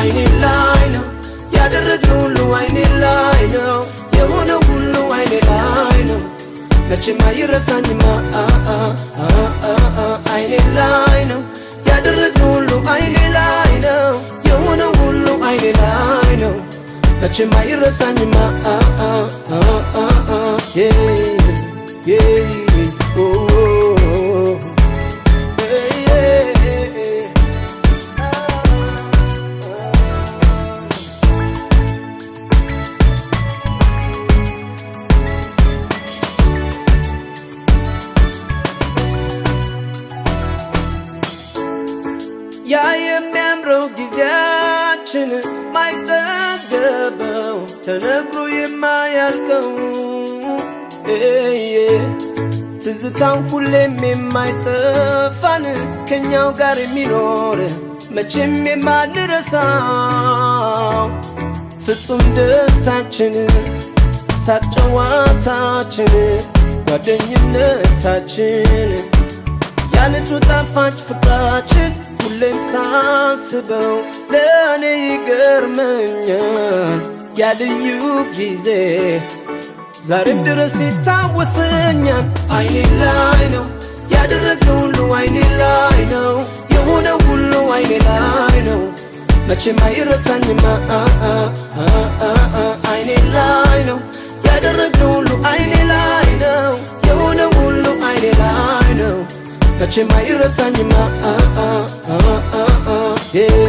አይኔ ላይ ነው ያደረግነው ሁሉ አይኔ ላይ ነው የሆነው ሁሉ አይኔ ላይ ነው መቼም አይረሳኝማ አይኔ ላይ ነው ያደረግነው ሁሉ አይኔ ላይ ነው የሆነው ሁሉ አይኔ ላይ ነው መቼም አይረሳኝማ ያ የሚያምረው ጊዜያችን ማይጠገበው ተነግሮ የማያልቀው ትዝታው ሁሌም የማይጠፋን ከኛው ጋር የሚኖር መቼም የማንረሳው ፍጹም ደስታችን ሳቅ ጓደኝነታችን ያንቹ ጣፋጭ ፍቅራችን ሁሌም ሳስበው ለእኔ ይገርመኛል ያልዩ ጊዜ ዛሬም ድረስ ይታወሰኛል። አይኔ ላይ ነው ያደረግነው ሁሉ አይኔ ላይ ነው የሆነ ሁሉ አይኔ ላይ ነው መቼም አይረሳኝማ አይኔ ላይ ነው ያደረግነው ሁሉ አይኔ ላይ nachemairasanyima ah, ah, ah, ah, ah, ah, yeah.